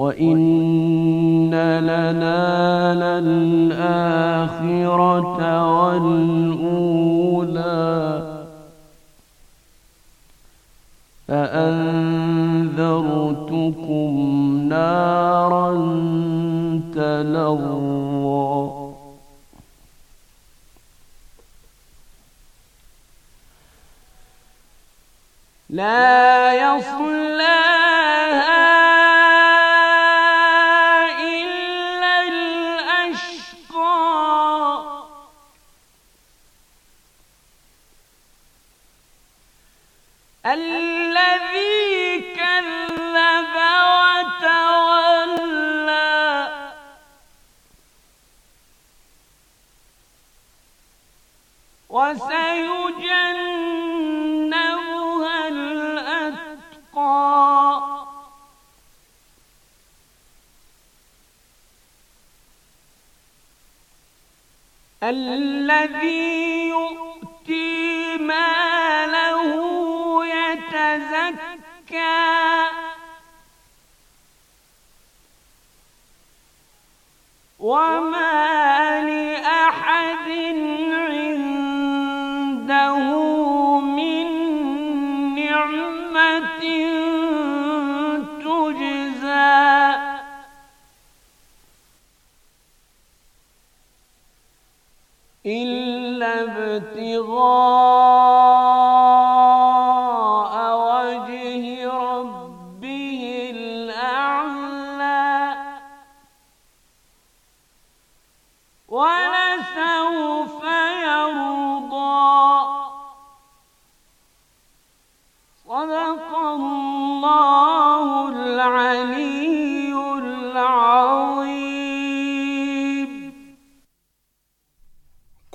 وإن لنا للآخرة والأولى فأنذرتكم نارا تلظى لا يصلى الذي يؤتي ماله يتزكى وما لأ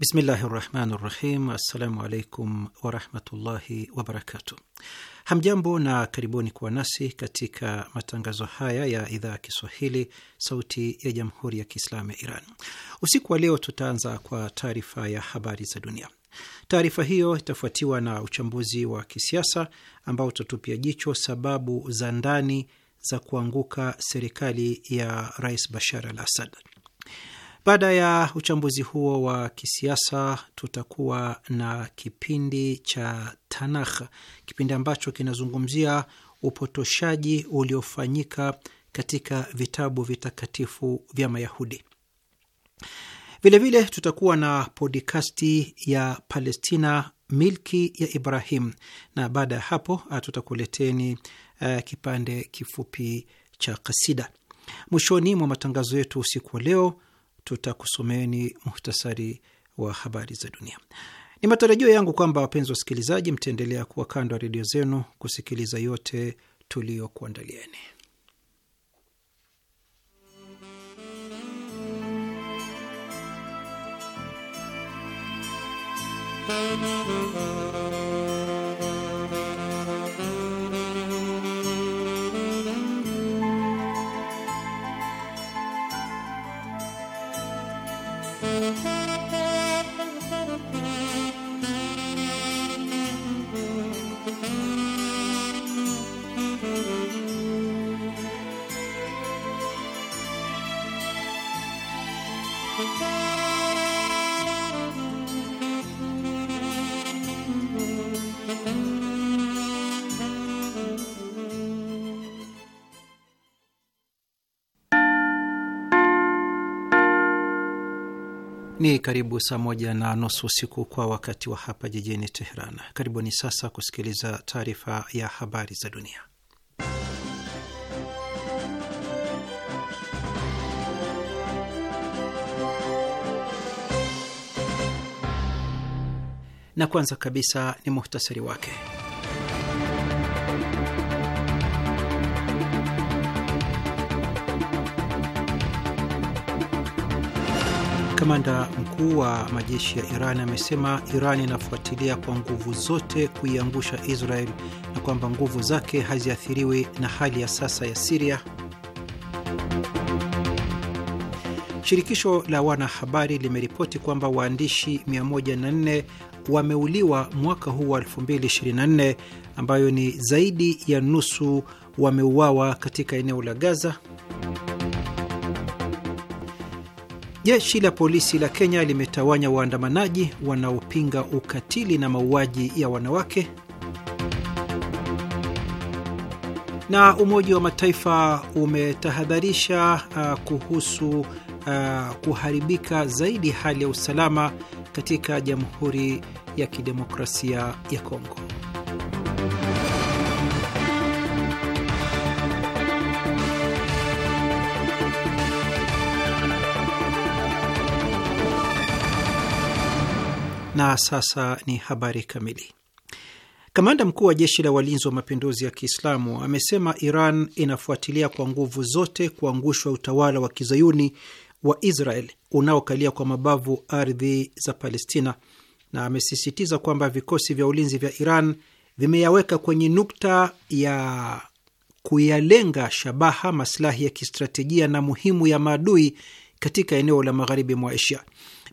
Bismillahi rahmani rahim. Assalamu alaikum warahmatullahi wabarakatu Hamjambo na karibuni kuwa nasi katika matangazo haya ya idhaa ya Kiswahili, Sauti ya Jamhuri ya Kiislamu ya Iran. Usiku wa leo tutaanza kwa taarifa ya habari za dunia. Taarifa hiyo itafuatiwa na uchambuzi wa kisiasa ambao utatupia jicho sababu za ndani za kuanguka serikali ya Rais Bashar al Assad. Baada ya uchambuzi huo wa kisiasa, tutakuwa na kipindi cha Tanakh, kipindi ambacho kinazungumzia upotoshaji uliofanyika katika vitabu vitakatifu vya Mayahudi. Vilevile tutakuwa na podikasti ya Palestina, milki ya Ibrahim, na baada ya hapo ah, tutakuleteni uh, kipande kifupi cha kasida. Mwishoni mwa matangazo yetu usiku wa leo tutakusomeni muhtasari wa habari za dunia. Ni matarajio yangu kwamba wapenzi wasikilizaji, mtaendelea kuwa kando ya redio zenu kusikiliza yote tuliyokuandalieni. Ni karibu saa moja na nusu usiku kwa wakati wa hapa jijini Teheran. Karibuni sasa kusikiliza taarifa ya habari za dunia, na kwanza kabisa ni muhtasari wake. Kamanda mkuu wa majeshi ya Iran amesema Iran inafuatilia kwa nguvu zote kuiangusha Israel na kwamba nguvu zake haziathiriwi na hali ya sasa ya Siria. Shirikisho la wanahabari limeripoti kwamba waandishi 104 wameuliwa mwaka huu wa 2024 ambayo ni zaidi ya nusu wameuawa katika eneo la Gaza. Jeshi la polisi la Kenya limetawanya waandamanaji wanaopinga ukatili na mauaji ya wanawake. Na Umoja wa Mataifa umetahadharisha uh, kuhusu uh, kuharibika zaidi hali ya usalama katika Jamhuri ya Kidemokrasia ya Kongo. Na sasa ni habari kamili. Kamanda mkuu wa jeshi la walinzi wa mapinduzi ya Kiislamu amesema Iran inafuatilia kwa nguvu zote kuangushwa utawala wa kizayuni wa Israel unaokalia kwa mabavu ardhi za Palestina, na amesisitiza kwamba vikosi vya ulinzi vya Iran vimeyaweka kwenye nukta ya kuyalenga shabaha maslahi ya kistratejia na muhimu ya maadui katika eneo la magharibi mwa Asia.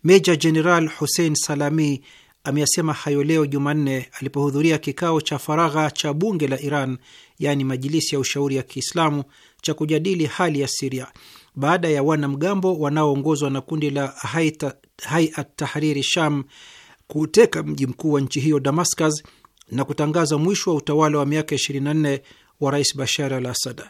Meja Jeneral Hussein Salami ameyasema hayo leo Jumanne alipohudhuria kikao cha faragha cha bunge la Iran, yaani Majilisi ya Ushauri ya Kiislamu, cha kujadili hali ya Siria baada ya wanamgambo wanaoongozwa na kundi la Haiat Tahriri Sham kuteka mji mkuu wa nchi hiyo Damascus na kutangaza mwisho wa utawala wa miaka 24 wa Rais Bashar al Assad.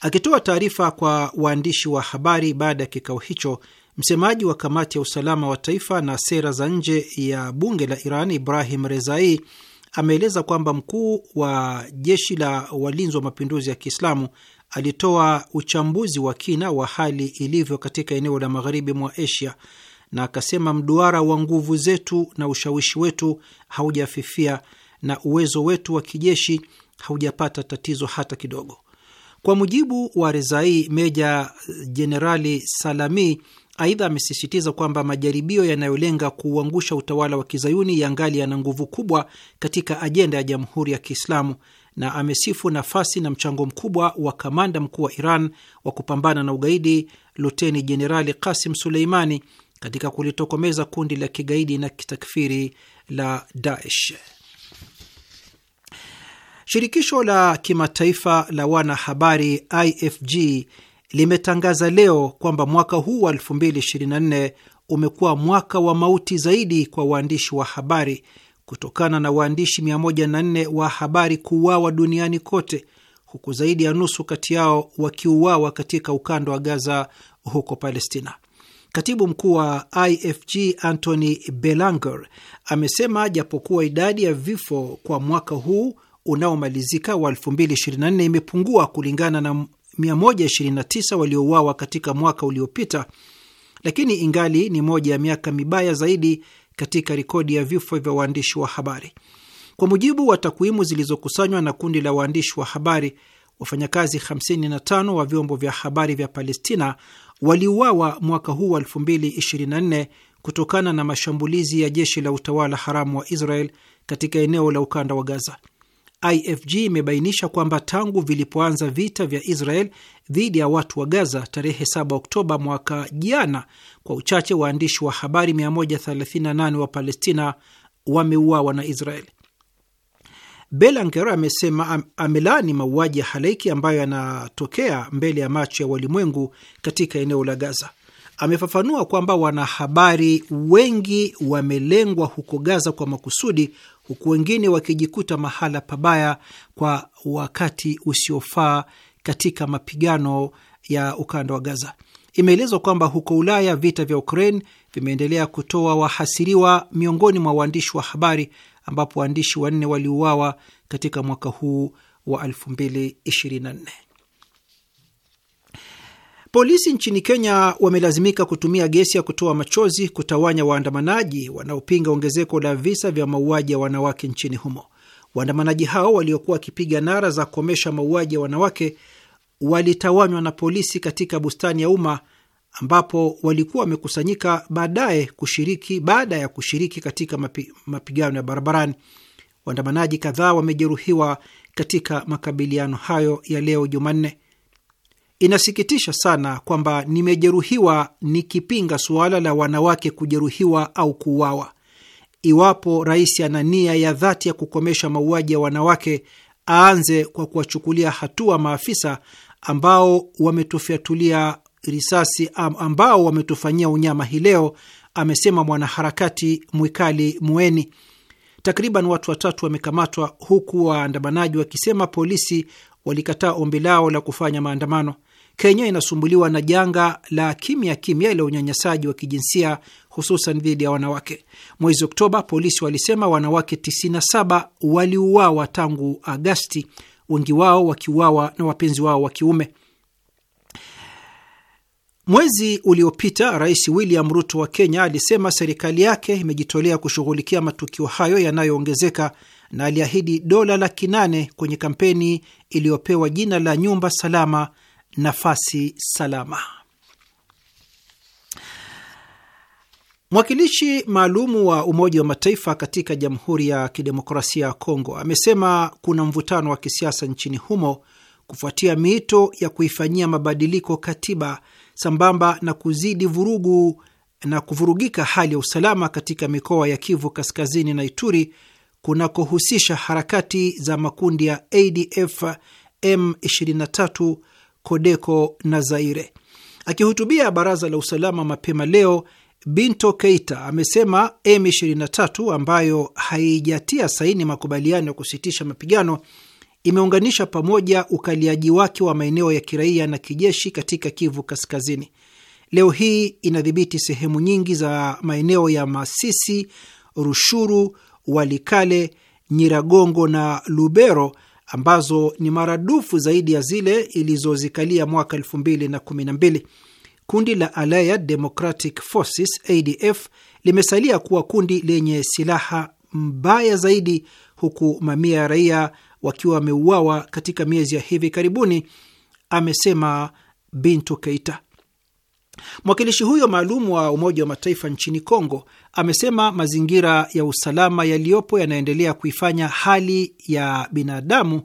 Akitoa taarifa kwa waandishi wa habari baada ya kikao hicho, Msemaji wa kamati ya usalama wa taifa na sera za nje ya bunge la Iran, Ibrahim Rezai, ameeleza kwamba mkuu wa jeshi la walinzi wa mapinduzi ya Kiislamu alitoa uchambuzi wa kina wa hali ilivyo katika eneo la magharibi mwa Asia na akasema mduara wa nguvu zetu na ushawishi wetu haujafifia na uwezo wetu wa kijeshi haujapata tatizo hata kidogo. Kwa mujibu wa Rezai, meja jenerali Salami Aidha, amesisitiza kwamba majaribio yanayolenga kuuangusha utawala wa kizayuni yangali yana nguvu kubwa katika ajenda ya Jamhuri ya Kiislamu na amesifu nafasi na mchango mkubwa wa kamanda mkuu wa Iran wa kupambana na ugaidi Luteni Jenerali Kasim Suleimani katika kulitokomeza kundi la kigaidi na kitakfiri la Daesh. Shirikisho la kimataifa la wanahabari IFG limetangaza leo kwamba mwaka huu wa 2024 umekuwa mwaka wa mauti zaidi kwa waandishi wa habari kutokana na waandishi 104 wa habari kuuawa duniani kote, huku zaidi ya nusu kati yao wakiuawa katika ukanda wa Gaza huko Palestina. Katibu mkuu wa IFG Anthony Belanger amesema japokuwa idadi ya vifo kwa mwaka huu unaomalizika wa 2024 imepungua kulingana na 129 waliouawa katika mwaka uliopita, lakini ingali ni moja ya miaka mibaya zaidi katika rekodi ya vifo vya waandishi wa habari. Kwa mujibu wa takwimu zilizokusanywa na kundi la waandishi wa habari, wafanyakazi 55 wa vyombo vya habari vya Palestina waliuawa mwaka huu wa 2024 kutokana na mashambulizi ya jeshi la utawala haramu wa Israel katika eneo la ukanda wa Gaza. IFG imebainisha kwamba tangu vilipoanza vita vya Israel dhidi ya watu wa Gaza tarehe 7 Oktoba mwaka jana, kwa uchache waandishi wa habari 138 wa Palestina wameuawa na Israel. Belanger amesema amelaani mauaji ya halaiki ambayo yanatokea mbele ya macho ya walimwengu katika eneo la Gaza. Amefafanua kwamba wanahabari wengi wamelengwa huko Gaza kwa makusudi huku wengine wakijikuta mahala pabaya kwa wakati usiofaa katika mapigano ya ukanda wa Gaza. Imeelezwa kwamba huko Ulaya vita vya Ukraine vimeendelea kutoa wahasiriwa miongoni mwa waandishi wa habari, ambapo waandishi wanne waliuawa katika mwaka huu wa 2024. Polisi nchini Kenya wamelazimika kutumia gesi ya kutoa machozi kutawanya waandamanaji wanaopinga ongezeko la visa vya mauaji ya wanawake nchini humo. Waandamanaji hao waliokuwa wakipiga nara za kukomesha mauaji ya wanawake walitawanywa na polisi katika bustani ya umma ambapo walikuwa wamekusanyika baadaye kushiriki baada ya kushiriki katika mapi, mapigano ya barabarani. Waandamanaji kadhaa wamejeruhiwa katika makabiliano hayo ya leo Jumanne. Inasikitisha sana kwamba nimejeruhiwa nikipinga suala la wanawake kujeruhiwa au kuuawa. Iwapo rais ana nia ya dhati ya kukomesha mauaji ya wanawake, aanze kwa kuwachukulia hatua maafisa ambao wametufyatulia risasi, ambao wametufanyia unyama hii leo, amesema mwanaharakati Mwikali Mueni. Takriban watu watatu wamekamatwa, huku waandamanaji wakisema polisi walikataa ombi lao la kufanya maandamano. Kenya inasumbuliwa na janga la kimya kimya la unyanyasaji wa kijinsia hususan dhidi ya wanawake. Mwezi Oktoba, polisi walisema wanawake 97 waliuawa tangu Agasti, wengi wao wakiuawa na wapenzi wao wa kiume. Mwezi uliopita Rais William Ruto wa Kenya alisema serikali yake imejitolea kushughulikia matukio hayo yanayoongezeka na aliahidi dola laki nane kwenye kampeni iliyopewa jina la nyumba salama nafasi salama. Mwakilishi maalumu wa Umoja wa Mataifa katika Jamhuri ya Kidemokrasia ya Kongo amesema kuna mvutano wa kisiasa nchini humo kufuatia miito ya kuifanyia mabadiliko katiba sambamba na kuzidi vurugu na kuvurugika hali ya usalama katika mikoa ya Kivu Kaskazini na Ituri kunakohusisha harakati za makundi ya ADF M23 Kodeko na Zaire. Akihutubia baraza la usalama mapema leo, Binto Keita amesema M23 ambayo haijatia saini makubaliano ya kusitisha mapigano imeunganisha pamoja ukaliaji wake wa maeneo ya kiraia na kijeshi katika Kivu Kaskazini. Leo hii inadhibiti sehemu nyingi za maeneo ya Masisi, Rushuru, Walikale, Nyiragongo na Lubero ambazo ni maradufu zaidi ya zile ilizozikalia mwaka 2012. Kundi la Allied Democratic Forces ADF limesalia kuwa kundi lenye silaha mbaya zaidi, huku mamia ya raia wakiwa wameuawa katika miezi ya hivi karibuni, amesema Bintu Keita. Mwakilishi huyo maalum wa Umoja wa Mataifa nchini Kongo amesema mazingira ya usalama yaliyopo yanaendelea kuifanya hali ya binadamu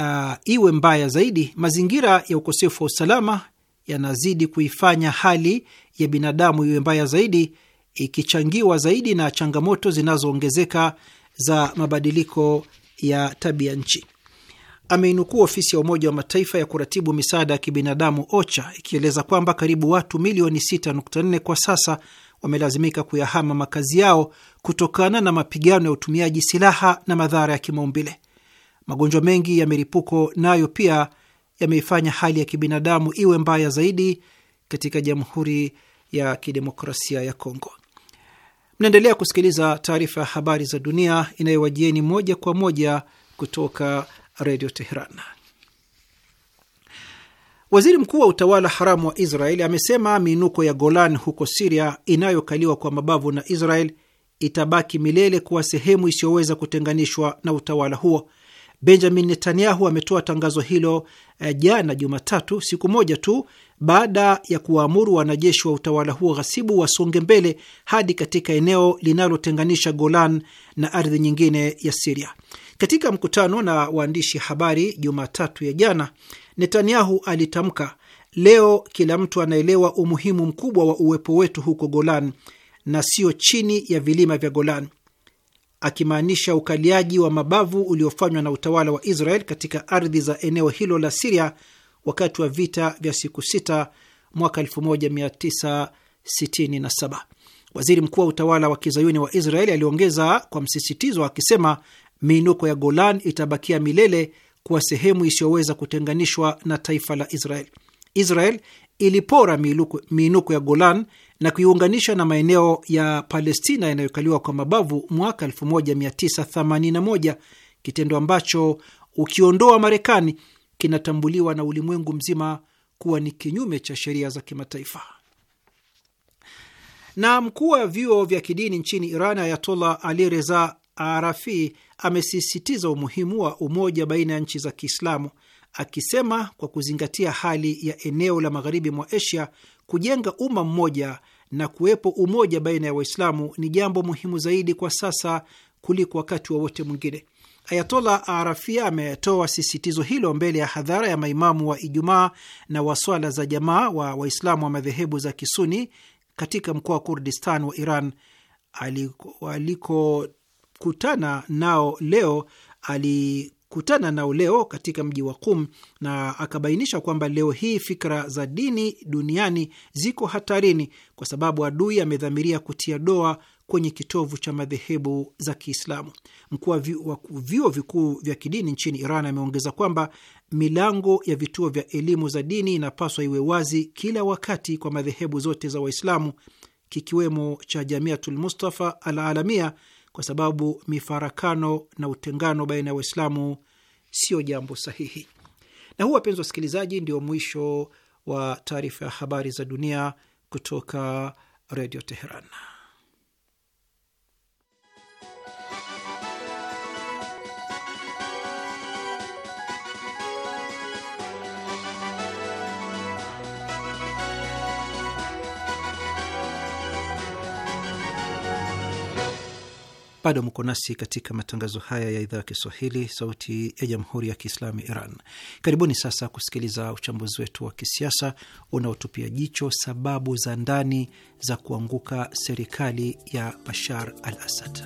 uh, iwe mbaya zaidi. Mazingira ya ukosefu wa usalama yanazidi kuifanya hali ya binadamu iwe mbaya zaidi, ikichangiwa zaidi na changamoto zinazoongezeka za mabadiliko ya tabia nchi ameinukuu ofisi ya Umoja wa Mataifa ya kuratibu misaada ya kibinadamu OCHA ikieleza kwamba karibu watu milioni 6.4 kwa sasa wamelazimika kuyahama makazi yao kutokana na mapigano ya utumiaji silaha na madhara ya kimaumbile. Magonjwa mengi ya milipuko nayo pia yameifanya hali ya kibinadamu iwe mbaya zaidi katika Jamhuri ya Kidemokrasia ya Kongo. Mnaendelea kusikiliza taarifa ya habari za dunia inayowajieni moja kwa moja kutoka Redio Teheran. Waziri mkuu wa utawala haramu wa Israel amesema miinuko ya Golan huko Siria inayokaliwa kwa mabavu na Israel itabaki milele kuwa sehemu isiyoweza kutenganishwa na utawala huo Benjamin Netanyahu ametoa tangazo hilo eh, jana Jumatatu, siku moja tu baada ya kuwaamuru wanajeshi wa utawala huo ghasibu wasonge mbele hadi katika eneo linalotenganisha Golan na ardhi nyingine ya Siria. Katika mkutano na waandishi habari Jumatatu ya jana, Netanyahu alitamka, leo kila mtu anaelewa umuhimu mkubwa wa uwepo wetu huko Golan na sio chini ya vilima vya Golan akimaanisha ukaliaji wa mabavu uliofanywa na utawala wa Israel katika ardhi za eneo hilo la Siria wakati wa vita vya siku sita mwaka 1967. Waziri mkuu wa utawala wa kizayuni wa Israel aliongeza kwa msisitizo akisema, miinuko ya Golan itabakia milele kuwa sehemu isiyoweza kutenganishwa na taifa la Israel. Israel ilipora miinuko ya Golan na kuiunganisha na maeneo ya Palestina yanayokaliwa kwa mabavu mwaka 1981, kitendo ambacho ukiondoa Marekani kinatambuliwa na ulimwengu mzima kuwa ni kinyume cha sheria za kimataifa. Na mkuu wa vyuo vya kidini nchini Iran, Ayatollah Ali Reza Arafi, amesisitiza umuhimu wa umoja baina ya nchi za Kiislamu akisema, kwa kuzingatia hali ya eneo la magharibi mwa Asia, kujenga umma mmoja na kuwepo umoja baina ya Waislamu ni jambo muhimu zaidi kwa sasa kuliko wakati wowote wa mwingine. Ayatola Arafia ametoa sisitizo hilo mbele ya hadhara ya maimamu wa Ijumaa na waswala za jamaa wa Waislamu wa madhehebu za Kisuni katika mkoa wa Kurdistan wa Iran alikokutana nao leo ali kutana nao leo katika mji wa Qum na akabainisha kwamba leo hii fikra za dini duniani ziko hatarini kwa sababu adui amedhamiria kutia doa kwenye kitovu cha madhehebu za Kiislamu. Mkuu wa vyuo vikuu vya kidini nchini Iran ameongeza kwamba milango ya vituo vya elimu za dini inapaswa iwe wazi kila wakati kwa madhehebu zote za Waislamu, kikiwemo cha Jamiatul Mustafa Al Alamia kwa sababu mifarakano na utengano baina ya Waislamu sio jambo sahihi. Na huu, wapenzi wasikilizaji, ndio mwisho wa taarifa ya habari za dunia kutoka Redio Teheran. Bado mko nasi katika matangazo haya ya idhaa ya Kiswahili, sauti ya jamhuri ya kiislamu Iran. Karibuni sasa kusikiliza uchambuzi wetu wa kisiasa unaotupia jicho sababu za ndani za kuanguka serikali ya Bashar al Assad.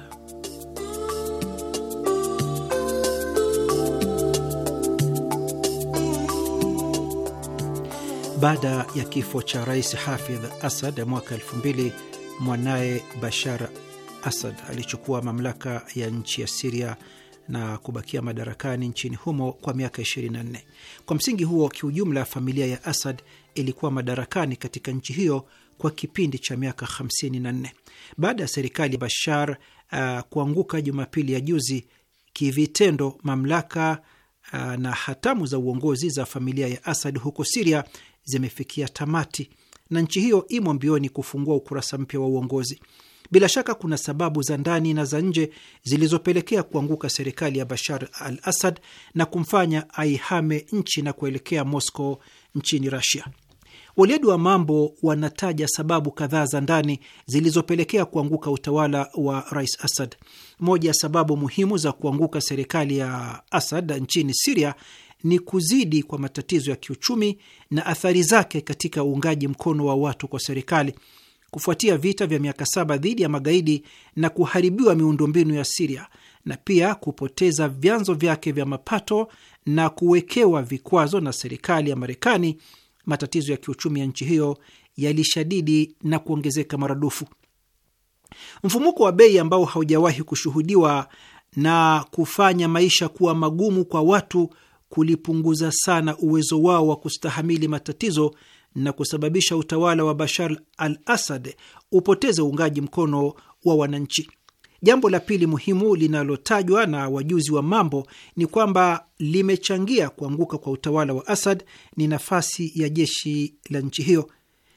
Baada ya kifo cha rais Hafidh Assad mwaka 2000 mwanaye Bashar Assad alichukua mamlaka ya nchi ya Siria na kubakia madarakani nchini humo kwa miaka 24. Kwa msingi huo, kiujumla, familia ya Asad ilikuwa madarakani katika nchi hiyo kwa kipindi cha miaka 54. Baada ya serikali ya Bashar uh, kuanguka Jumapili ya juzi, kivitendo mamlaka uh, na hatamu za uongozi za familia ya Asad huko Siria zimefikia tamati na nchi hiyo imo mbioni kufungua ukurasa mpya wa uongozi. Bila shaka kuna sababu za ndani na za nje zilizopelekea kuanguka serikali ya Bashar al Assad na kumfanya aihame nchi na kuelekea Moscow nchini rasia Weledi wa mambo wanataja sababu kadhaa za ndani zilizopelekea kuanguka utawala wa Rais Assad. Moja ya sababu muhimu za kuanguka serikali ya Assad nchini Siria ni kuzidi kwa matatizo ya kiuchumi na athari zake katika uungaji mkono wa watu kwa serikali kufuatia vita vya miaka saba dhidi ya magaidi na kuharibiwa miundombinu ya Siria na pia kupoteza vyanzo vyake vya mapato na kuwekewa vikwazo na serikali ya Marekani, matatizo ya kiuchumi ya nchi hiyo yalishadidi na kuongezeka maradufu. Mfumuko wa bei ambao haujawahi kushuhudiwa na kufanya maisha kuwa magumu kwa watu kulipunguza sana uwezo wao wa kustahamili matatizo na kusababisha utawala wa Bashar al Asad upoteze uungaji mkono wa wananchi. Jambo la pili muhimu linalotajwa na wajuzi wa mambo ni kwamba limechangia kuanguka kwa utawala wa Asad ni nafasi ya jeshi la nchi hiyo.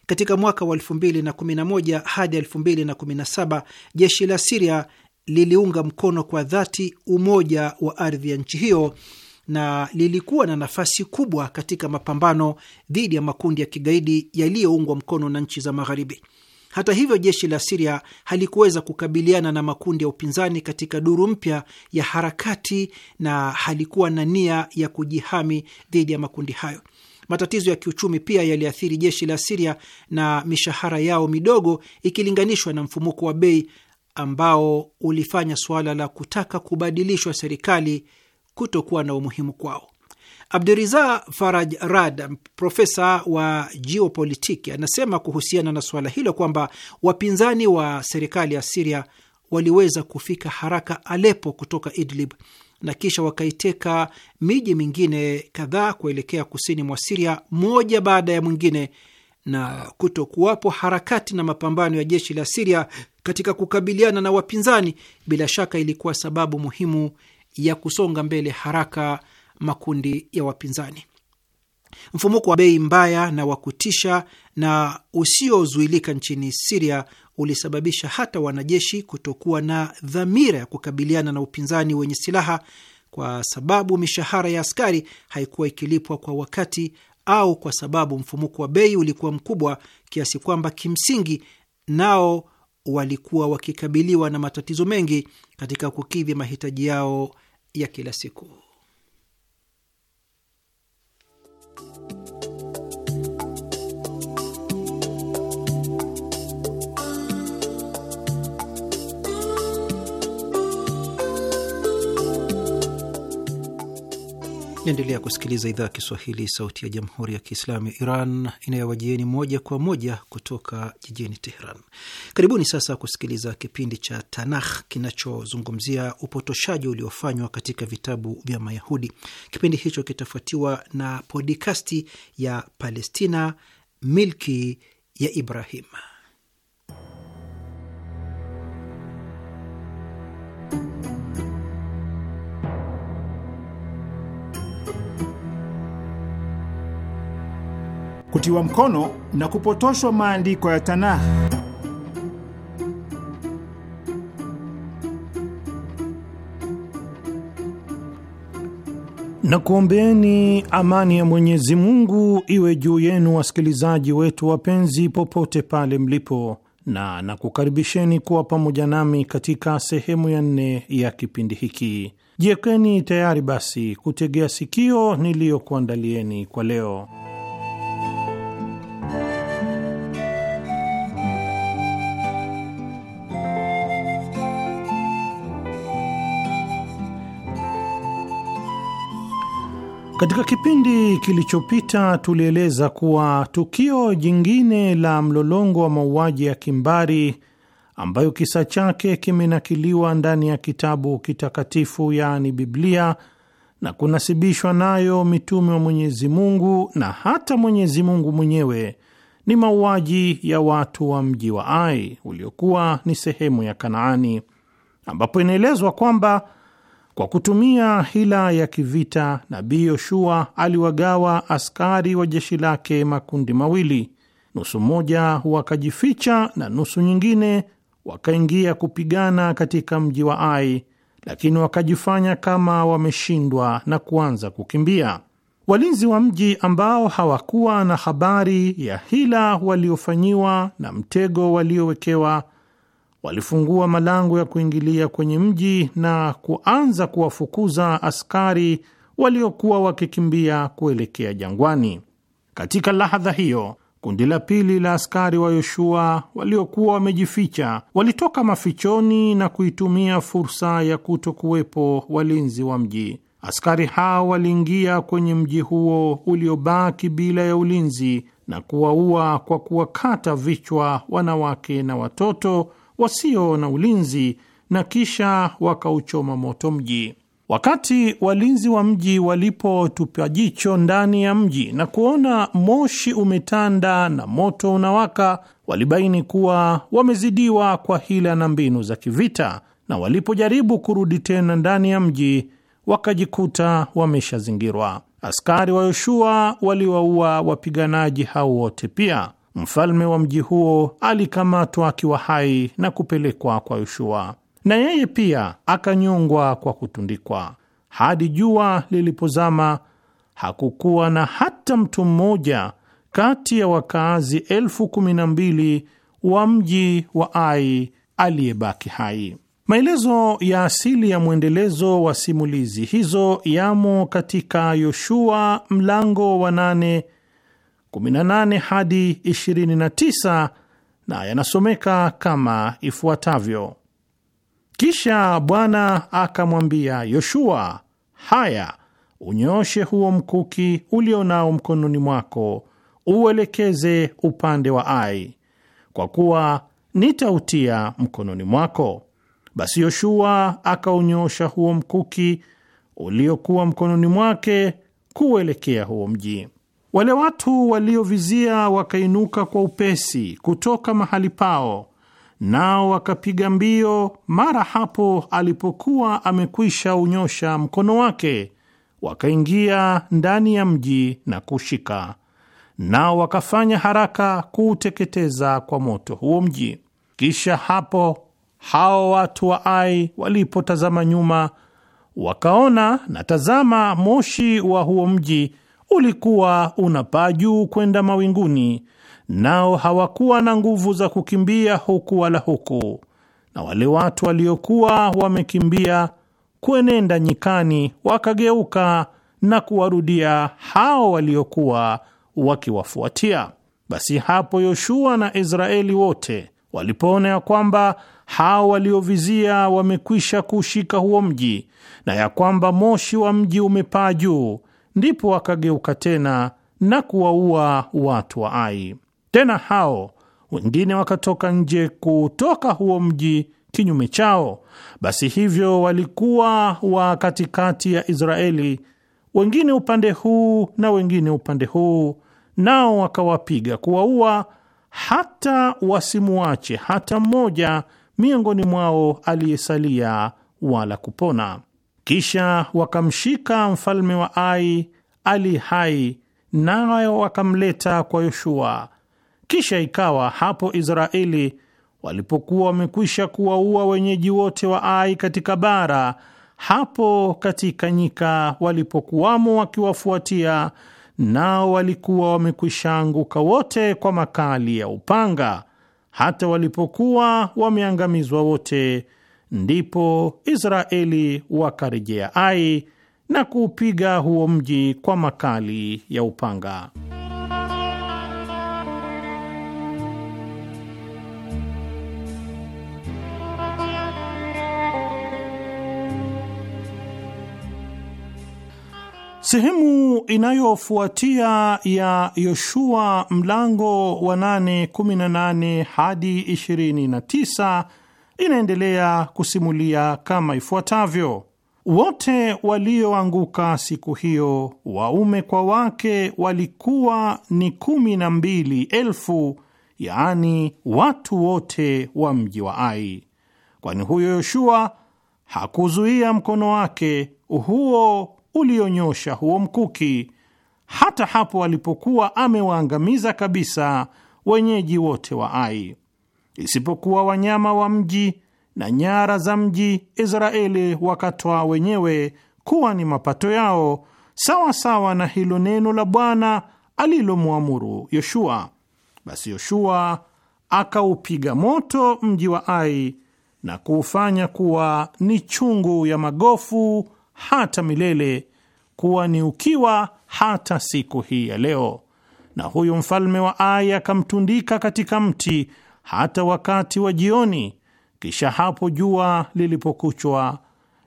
Katika mwaka wa 2011 hadi 2017 jeshi la Siria liliunga mkono kwa dhati umoja wa ardhi ya nchi hiyo na lilikuwa na nafasi kubwa katika mapambano dhidi ya makundi ya kigaidi yaliyoungwa mkono na nchi za Magharibi. Hata hivyo, jeshi la Siria halikuweza kukabiliana na makundi ya upinzani katika duru mpya ya harakati na halikuwa na nia ya kujihami dhidi ya makundi hayo. Matatizo ya kiuchumi pia yaliathiri jeshi la Siria na mishahara yao midogo ikilinganishwa na mfumuko wa bei ambao ulifanya suala la kutaka kubadilishwa serikali kutokuwa na umuhimu kwao. Abduriza Faraj Rad, profesa wa jiopolitiki, anasema kuhusiana na suala hilo kwamba wapinzani wa serikali ya Siria waliweza kufika haraka Alepo kutoka Idlib na kisha wakaiteka miji mingine kadhaa kuelekea kusini mwa Siria moja baada ya mwingine, na kutokuwapo harakati na mapambano ya jeshi la Siria katika kukabiliana na wapinzani, bila shaka ilikuwa sababu muhimu ya kusonga mbele haraka makundi ya wapinzani. Mfumuko wa bei mbaya na wa kutisha na usiozuilika nchini Siria ulisababisha hata wanajeshi kutokuwa na dhamira ya kukabiliana na upinzani wenye silaha kwa sababu mishahara ya askari haikuwa ikilipwa kwa wakati au kwa sababu mfumuko wa bei ulikuwa mkubwa kiasi kwamba kimsingi nao walikuwa wakikabiliwa na matatizo mengi katika kukidhi mahitaji yao ya kila siku. Naendelea kusikiliza idhaa ya Kiswahili, sauti ya jamhuri ya kiislamu ya Iran inayowajieni moja kwa moja kutoka jijini Teheran. Karibuni sasa kusikiliza kipindi cha Tanakh kinachozungumzia upotoshaji uliofanywa katika vitabu vya Mayahudi. Kipindi hicho kitafuatiwa na podikasti ya Palestina, milki ya Ibrahim. kutiwa mkono na kupotoshwa maandiko ya Tanakh. Na amani ya Mwenyezi Mungu iwe juu yenu, wasikilizaji wetu wapenzi, popote pale mlipo, na nakukaribisheni kuwa pamoja nami katika sehemu ya nne ya kipindi hiki. Jiwekeni tayari basi kutegea sikio niliyokuandalieni kwa leo. Katika kipindi kilichopita tulieleza kuwa tukio jingine la mlolongo wa mauaji ya kimbari ambayo kisa chake kimenakiliwa ndani ya kitabu kitakatifu yaani Biblia na kunasibishwa nayo mitume wa Mwenyezi Mungu na hata Mwenyezi Mungu mwenyewe ni mauaji ya watu wa mji wa Ai uliokuwa ni sehemu ya Kanaani, ambapo inaelezwa kwamba kwa kutumia hila ya kivita, Nabii Yoshua aliwagawa askari wa jeshi lake makundi mawili, nusu moja wakajificha na nusu nyingine wakaingia kupigana katika mji wa Ai, lakini wakajifanya kama wameshindwa na kuanza kukimbia. Walinzi wa mji ambao hawakuwa na habari ya hila waliofanyiwa na mtego waliowekewa walifungua malango ya kuingilia kwenye mji na kuanza kuwafukuza askari waliokuwa wakikimbia kuelekea jangwani. Katika lahadha hiyo, kundi la pili la askari wa Yoshua waliokuwa wamejificha walitoka mafichoni na kuitumia fursa ya kuto kuwepo walinzi wa mji. Askari hao waliingia kwenye mji huo uliobaki bila ya ulinzi na kuwaua kwa kuwakata vichwa wanawake na watoto wasio na ulinzi na kisha wakauchoma moto mji. Wakati walinzi wa mji walipotupa jicho ndani ya mji na kuona moshi umetanda na moto unawaka, walibaini kuwa wamezidiwa kwa hila na mbinu za kivita, na walipojaribu kurudi tena ndani ya mji wakajikuta wameshazingirwa. Askari wa Yoshua waliwaua wapiganaji hao wote pia. Mfalme wa mji huo alikamatwa akiwa hai na kupelekwa kwa Yoshua, na yeye pia akanyongwa kwa kutundikwa. Hadi jua lilipozama, hakukuwa na hata mtu mmoja kati ya wakaazi elfu kumi na mbili wa mji wa Ai aliyebaki hai. Maelezo ya asili ya mwendelezo wa simulizi hizo yamo katika Yoshua mlango wa nane 18 hadi 29 na yanasomeka kama ifuatavyo: Kisha Bwana akamwambia Yoshua, haya, unyooshe huo mkuki ulionao mkononi mwako uelekeze upande wa Ai, kwa kuwa nitautia mkononi mwako. Basi Yoshua akaunyoosha huo mkuki uliokuwa mkononi mwake kuelekea huo mji. Wale watu waliovizia wakainuka kwa upesi kutoka mahali pao, nao wakapiga mbio mara hapo alipokuwa amekwisha unyosha mkono wake, wakaingia ndani ya mji na kushika, nao wakafanya haraka kuuteketeza kwa moto huo mji. Kisha hapo hao watu wa Ai walipotazama nyuma, wakaona na tazama, moshi wa huo mji ulikuwa unapaa juu kwenda mawinguni, nao hawakuwa na nguvu za kukimbia huku wala huku, na wale watu waliokuwa wamekimbia kuenenda nyikani wakageuka na kuwarudia hao waliokuwa wakiwafuatia. Basi hapo Yoshua na Israeli wote walipoona ya kwamba hao waliovizia wamekwisha kuushika huo mji na ya kwamba moshi wa mji umepaa juu, ndipo wakageuka tena na kuwaua watu wa Ai. Tena hao wengine wakatoka nje kutoka huo mji kinyume chao. Basi hivyo walikuwa wa katikati ya Israeli, wengine upande huu na wengine upande huu, nao wakawapiga kuwaua, hata wasimuache hata mmoja miongoni mwao aliyesalia wala kupona. Kisha wakamshika mfalme wa Ai Ali hai, nayo wakamleta kwa Yoshua. Kisha ikawa hapo Israeli walipokuwa wamekwisha kuwaua wenyeji wote wa Ai katika bara, hapo katika nyika walipokuwamo wakiwafuatia, nao walikuwa wamekwisha anguka wote kwa makali ya upanga, hata walipokuwa wameangamizwa wote ndipo Israeli wakarejea Ai na kuupiga huo mji kwa makali ya upanga. Sehemu inayofuatia ya Yoshua mlango wa 818 hadi 29 inaendelea kusimulia kama ifuatavyo: wote walioanguka siku hiyo, waume kwa wake, walikuwa ni kumi na mbili elfu, yaani watu wote wa mji wa Ai, kwani huyo Yoshua hakuzuia mkono wake huo ulionyosha huo mkuki hata hapo alipokuwa amewaangamiza kabisa wenyeji wote wa Ai isipokuwa wanyama wa mji na nyara za mji Israeli wakatoa wenyewe kuwa ni mapato yao, sawa sawa na hilo neno la Bwana alilomwamuru Yoshua. Basi Yoshua akaupiga moto mji wa Ai na kuufanya kuwa ni chungu ya magofu hata milele, kuwa ni ukiwa hata siku hii ya leo. Na huyu mfalme wa Ai akamtundika katika mti hata wakati wa jioni. Kisha hapo jua lilipokuchwa,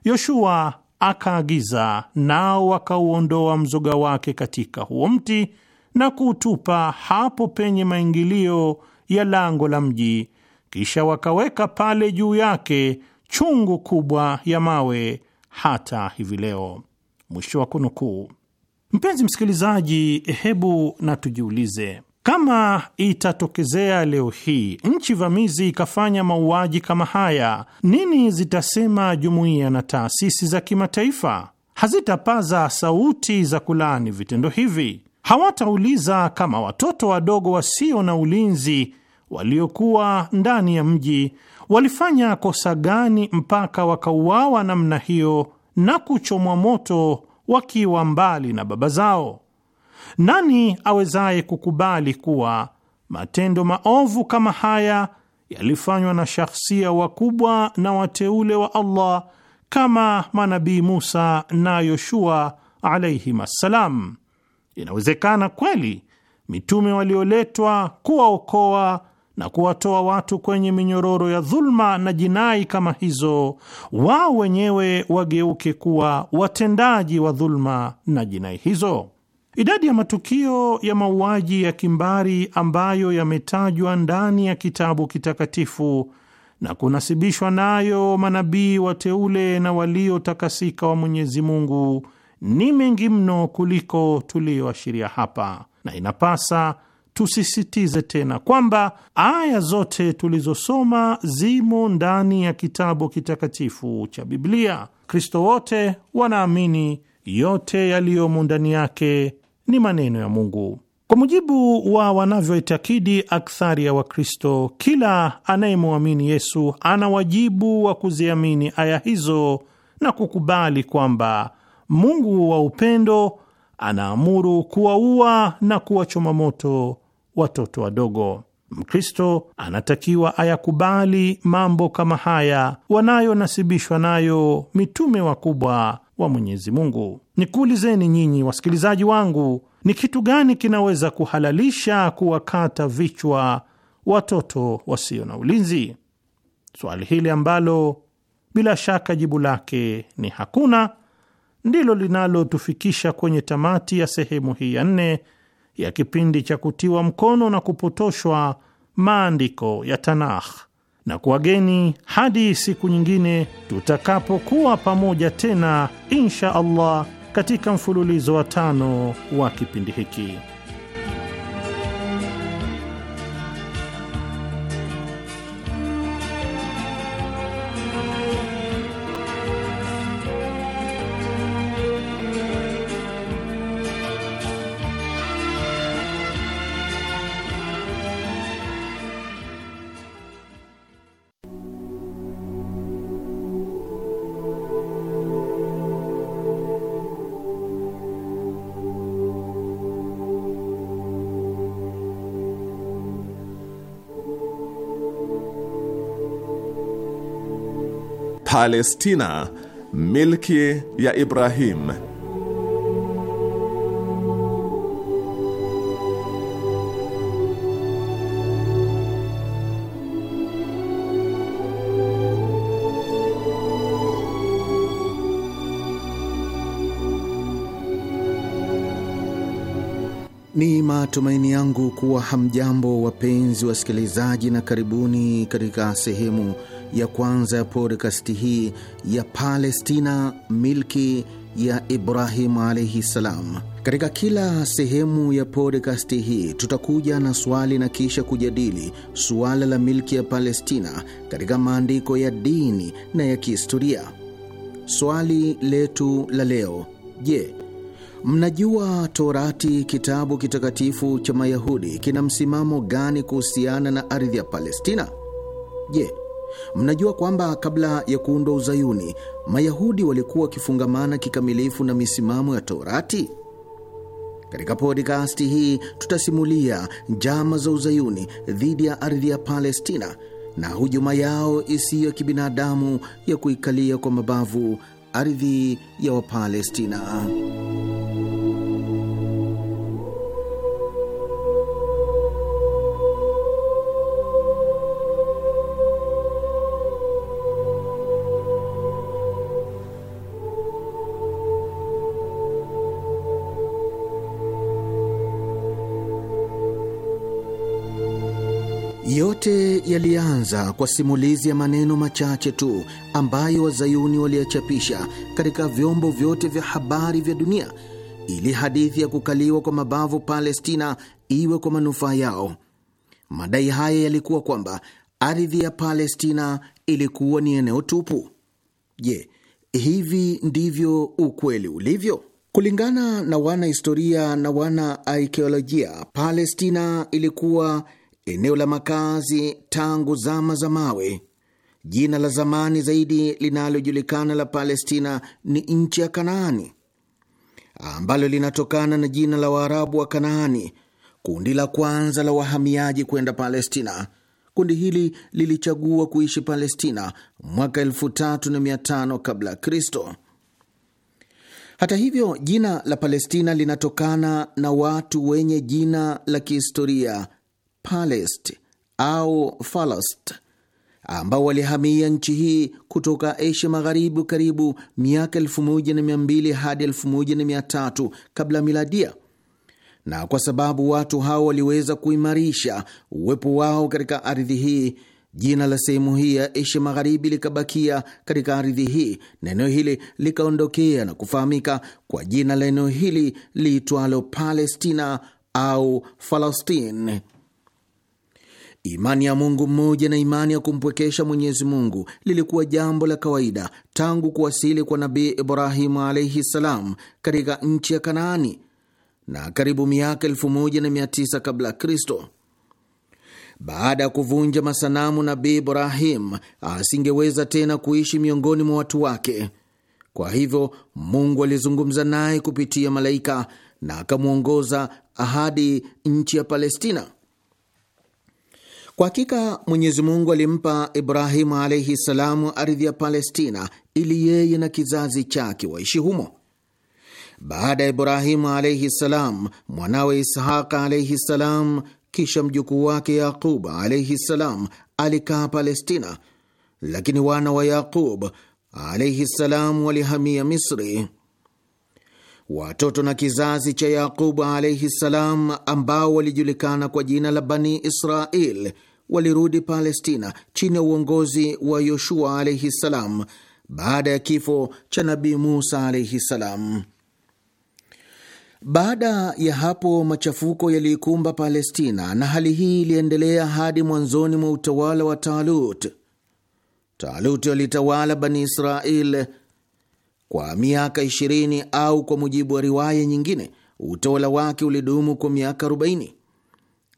Yoshua akaagiza, nao wakauondoa mzoga wake katika huo mti na kuutupa hapo penye maingilio ya lango la mji. Kisha wakaweka pale juu yake chungu kubwa ya mawe hata hivi leo. Mwisho wa kunukuu. Mpenzi msikilizaji, hebu na tujiulize kama itatokezea leo hii nchi vamizi ikafanya mauaji kama haya, nini zitasema jumuiya na taasisi za kimataifa? Hazitapaza sauti za kulaani vitendo hivi? Hawatauliza kama watoto wadogo wasio na ulinzi waliokuwa ndani ya mji walifanya kosa gani mpaka wakauawa namna hiyo na kuchomwa moto wakiwa mbali na baba zao? Nani awezaye kukubali kuwa matendo maovu kama haya yalifanywa na shakhsia wakubwa na wateule wa Allah kama manabii Musa na Yoshua alayhim assalam? Inawezekana kweli mitume walioletwa kuwaokoa na kuwatoa watu kwenye minyororo ya dhulma na jinai kama hizo, wao wenyewe wageuke kuwa watendaji wa dhulma na jinai hizo? Idadi ya matukio ya mauaji ya kimbari ambayo yametajwa ndani ya kitabu kitakatifu na kunasibishwa nayo manabii wateule na waliotakasika wa Mwenyezi Mungu ni mengi mno kuliko tuliyoashiria hapa, na inapasa tusisitize tena kwamba aya zote tulizosoma zimo ndani ya kitabu kitakatifu cha Biblia. Kristo wote wanaamini yote yaliyomo ndani yake ni maneno ya Mungu. Kwa mujibu wa wanavyoitakidi akthari ya Wakristo, kila anayemwamini Yesu ana wajibu wa kuziamini aya hizo na kukubali kwamba Mungu wa upendo anaamuru kuwaua na kuwachoma moto watoto wadogo. Mkristo anatakiwa ayakubali mambo kama haya wanayonasibishwa nayo mitume wakubwa wa Mwenyezi Mungu. Nikuulizeni nyinyi wasikilizaji wangu, ni kitu gani kinaweza kuhalalisha kuwakata vichwa watoto wasio na ulinzi? Swali hili ambalo bila shaka jibu lake ni hakuna, ndilo linalotufikisha kwenye tamati ya sehemu hii ya nne ya kipindi cha kutiwa mkono na kupotoshwa maandiko ya Tanakh na kuwageni hadi siku nyingine tutakapokuwa pamoja tena insha Allah katika mfululizo wa tano wa kipindi hiki. Palestina milki ya Ibrahim. Ni matumaini yangu kuwa hamjambo wapenzi wasikilizaji, na karibuni katika sehemu ya kwanza ya podcast hii ya Palestina, milki ya Ibrahim alaihi ssalam. Katika kila sehemu ya podcast hii tutakuja na swali na kisha kujadili suala la milki ya Palestina katika maandiko ya dini na ya kihistoria. Swali letu la leo: je, mnajua Torati, kitabu kitakatifu cha Mayahudi, kina msimamo gani kuhusiana na ardhi ya Palestina? Je, Mnajua kwamba kabla ya kuundwa Uzayuni, Mayahudi walikuwa wakifungamana kikamilifu na misimamo ya Torati. Katika podikasti hii tutasimulia njama za Uzayuni dhidi ya ardhi ya Palestina na hujuma yao isiyo ya kibinadamu ya kuikalia kwa mabavu ardhi ya Wapalestina. Yote yalianza kwa simulizi ya maneno machache tu ambayo wazayuni waliyachapisha katika vyombo vyote vya habari vya dunia ili hadithi ya kukaliwa kwa mabavu Palestina iwe kwa manufaa yao. Madai haya yalikuwa kwamba ardhi ya Palestina ilikuwa ni eneo tupu. Je, hivi ndivyo ukweli ulivyo? Kulingana na wanahistoria na wana arkeolojia, Palestina ilikuwa eneo la makazi tangu zama za mawe. Jina la zamani zaidi linalojulikana la Palestina ni nchi ya Kanaani, ambalo linatokana na jina la Waarabu wa Kanaani, kundi la kwanza la wahamiaji kwenda Palestina. Kundi hili lilichagua kuishi Palestina mwaka 3500 kabla ya Kristo. Hata hivyo, jina la Palestina linatokana na watu wenye jina la kihistoria Palest au Falast ambao walihamia nchi hii kutoka Asia Magharibi karibu miaka 1200 hadi 1300 kabla miladia, na kwa sababu watu hao waliweza kuimarisha uwepo wao katika ardhi hii, jina la sehemu hii ya Asia Magharibi likabakia katika ardhi hii na eneo hili likaondokea na kufahamika kwa jina la eneo hili liitwalo Palestina au Falastin. Imani ya Mungu mmoja na imani ya kumpwekesha Mwenyezi Mungu lilikuwa jambo la kawaida tangu kuwasili kwa Nabii Ibrahimu alaihi ssalam katika nchi ya Kanaani na karibu miaka 1900 kabla ya Kristo. Baada ya kuvunja masanamu, Nabii Ibrahim asingeweza tena kuishi miongoni mwa watu wake. Kwa hivyo Mungu alizungumza naye kupitia malaika na akamwongoza hadi nchi ya Palestina. Kwa hakika Mwenyezi Mungu alimpa Ibrahimu alaihi salamu ardhi ya Palestina ili yeye na kizazi chake waishi humo. Baada ya Ibrahimu alaihi salam, mwanawe Ishaqa alaihi salam, kisha mjukuu wake Yaqub alaihi salam alikaa Palestina, lakini wana wa Yaqub alaihi salam walihamia Misri. Watoto na kizazi cha Yaqubu alaihi salam ambao walijulikana kwa jina la Bani Israel walirudi Palestina chini ya uongozi wa Yoshua alaihi ssalam baada ya kifo cha Nabii Musa alaihi ssalam. Baada ya hapo machafuko yaliikumba Palestina na hali hii iliendelea hadi mwanzoni mwa utawala wa Talut. Talut alitawala Bani Israel kwa miaka 20 au kwa mujibu wa riwaya nyingine, utawala wake ulidumu kwa miaka 40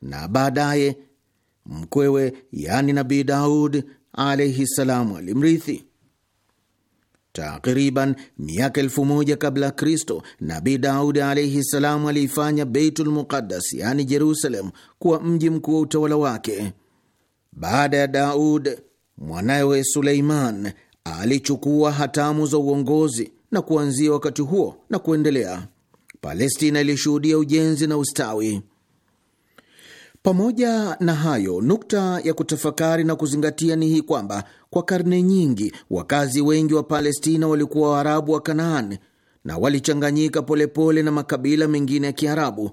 na baadaye mkwewe, yani Nabii Daud alaihi salamu, alimrithi. Takriban miaka elfu moja kabla ya Kristo, Nabii Daudi alaihi salamu aliifanya Beitul Muqaddas yani Jerusalem kuwa mji mkuu wa utawala wake. Baada ya Daud, mwanawe Suleiman alichukua hatamu za uongozi, na kuanzia wakati huo na kuendelea, Palestina ilishuhudia ujenzi na ustawi. Pamoja na hayo, nukta ya kutafakari na kuzingatia ni hii kwamba kwa karne nyingi wakazi wengi wa Palestina walikuwa Waarabu wa Kanaani na walichanganyika polepole na makabila mengine ya Kiarabu,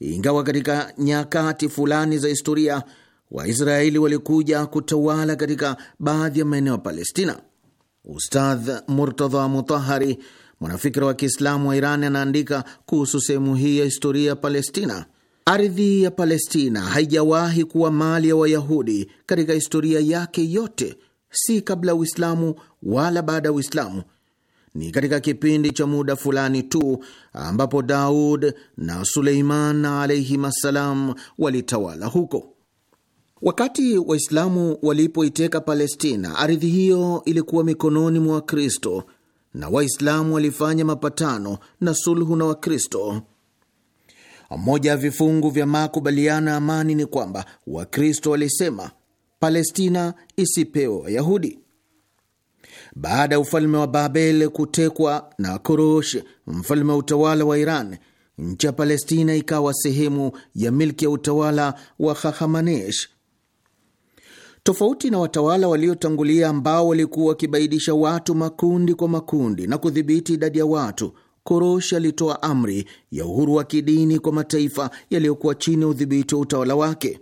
ingawa katika nyakati fulani za historia Waisraeli walikuja kutawala katika baadhi ya maeneo ya Palestina. Ustadh Murtadha Mutahari, mwanafikira wa Kiislamu wa Iran, anaandika kuhusu sehemu hii ya historia ya Palestina. Ardhi ya Palestina haijawahi kuwa mali ya Wayahudi katika historia yake yote, si kabla Uislamu wala baada ya Uislamu. Ni katika kipindi cha muda fulani tu ambapo Daud na Suleiman alayhim assalam walitawala huko. Wakati Waislamu walipoiteka Palestina, ardhi hiyo ilikuwa mikononi mwa Wakristo na Waislamu walifanya mapatano na sulhu na Wakristo. Moja ya vifungu vya makubaliano ya amani ni kwamba Wakristo walisema Palestina isipewe Wayahudi. Baada ya ufalme wa Babel kutekwa na Kurush, mfalme wa utawala wa Iran, nchi ya Palestina ikawa sehemu ya milki ya utawala wa Hahamanesh. Tofauti na watawala waliotangulia ambao walikuwa wakibaidisha watu makundi kwa makundi na kudhibiti idadi ya watu, Korosh alitoa amri ya uhuru wa kidini kwa mataifa yaliyokuwa chini ya udhibiti wa utawala wake.